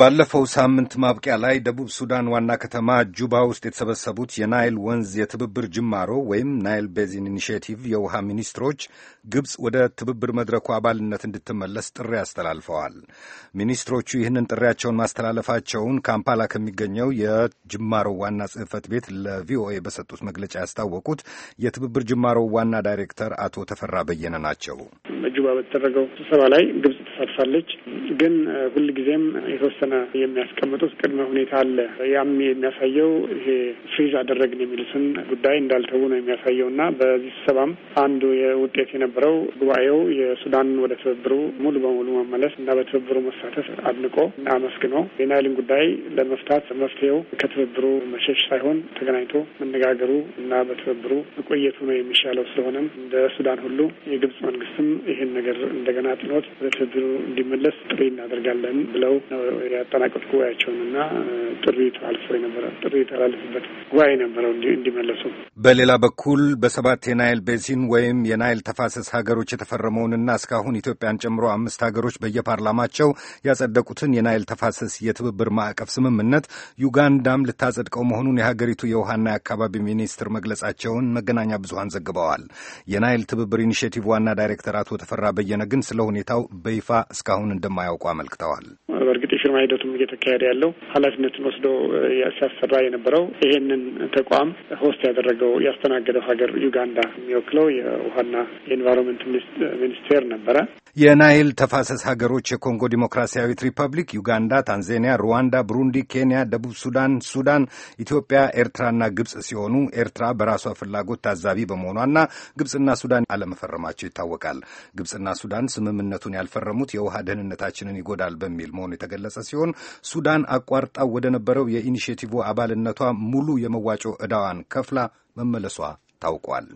ባለፈው ሳምንት ማብቂያ ላይ ደቡብ ሱዳን ዋና ከተማ ጁባ ውስጥ የተሰበሰቡት የናይል ወንዝ የትብብር ጅማሮ ወይም ናይል ቤዚን ኢኒሽቲቭ የውሃ ሚኒስትሮች ግብፅ ወደ ትብብር መድረኩ አባልነት እንድትመለስ ጥሪ አስተላልፈዋል። ሚኒስትሮቹ ይህንን ጥሪያቸውን ማስተላለፋቸውን ካምፓላ ከሚገኘው የጅማሮ ዋና ጽሕፈት ቤት ለቪኦኤ በሰጡት መግለጫ ያስታወቁት የትብብር ጅማሮ ዋና ዳይሬክተር አቶ ተፈራ በየነ ናቸው። ጁባ በተደረገው ስብሰባ ላይ ግብጽ ተሳትፋለች። ግን ሁልጊዜም የተወሰ የተወሰነ የሚያስቀምጡት ቅድመ ሁኔታ አለ። ያም የሚያሳየው ይሄ ፍሪዝ አደረግን የሚሉትን ጉዳይ እንዳልተዉ ነው የሚያሳየው እና በዚህ ስብሰባም አንዱ ውጤት የነበረው ጉባኤው የሱዳን ወደ ትብብሩ ሙሉ በሙሉ መመለስ እና በትብብሩ መሳተፍ አድንቆ አመስግኖ የናይልን ጉዳይ ለመፍታት መፍትሄው ከትብብሩ መሸሽ ሳይሆን ተገናኝቶ መነጋገሩ እና በትብብሩ መቆየቱ ነው የሚሻለው። ስለሆነም እንደ ሱዳን ሁሉ የግብጽ መንግስትም ይህን ነገር እንደገና ጥኖት ወደ ትብብሩ እንዲመለስ ጥሪ እናደርጋለን ብለው ነው ያጠናቀቁት ጉባኤያቸውን እና ጥሪት አልፎ የነበረ ጥሪ የተላለፉበት ጉባኤ ነበረው እንዲመለሱ። በሌላ በኩል በሰባት የናይል ቤዚን ወይም የናይል ተፋሰስ ሀገሮች የተፈረመውንና እስካሁን ኢትዮጵያን ጨምሮ አምስት ሀገሮች በየፓርላማቸው ያጸደቁትን የናይል ተፋሰስ የትብብር ማዕቀፍ ስምምነት ዩጋንዳም ልታጸድቀው መሆኑን የሀገሪቱ የውሃና የአካባቢ ሚኒስትር መግለጻቸውን መገናኛ ብዙሀን ዘግበዋል። የናይል ትብብር ኢኒሽቲቭ ዋና ዳይሬክተር አቶ ተፈራ በየነ ግን ስለ ሁኔታው በይፋ እስካሁን እንደማያውቁ አመልክተዋል። የፊርማ ሂደቱም እየተካሄደ ያለው ኃላፊነትን ወስዶ ሲያሰራ የነበረው ይሄንን ተቋም ሆስት ያደረገው ያስተናገደው ሀገር ዩጋንዳ የሚወክለው የውሃና የኤንቫይሮንመንት ሚኒስቴር ነበረ። የናይል ተፋሰስ ሀገሮች የኮንጎ ዲሞክራሲያዊት ሪፐብሊክ፣ ዩጋንዳ፣ ታንዛኒያ፣ ሩዋንዳ፣ ብሩንዲ፣ ኬንያ፣ ደቡብ ሱዳን፣ ሱዳን፣ ኢትዮጵያ፣ ኤርትራና ግብፅ ሲሆኑ ኤርትራ በራሷ ፍላጎት ታዛቢ በመሆኗና ግብፅና ሱዳን አለመፈረማቸው ይታወቃል። ግብፅና ሱዳን ስምምነቱን ያልፈረሙት የውሃ ደህንነታችንን ይጎዳል በሚል መሆኑ የተገለጸ ሲሆን ሱዳን አቋርጣው ወደ ነበረው የኢኒሽቲቭ አባልነቷ ሙሉ የመዋጮ ዕዳዋን ከፍላ መመለሷ ታውቋል።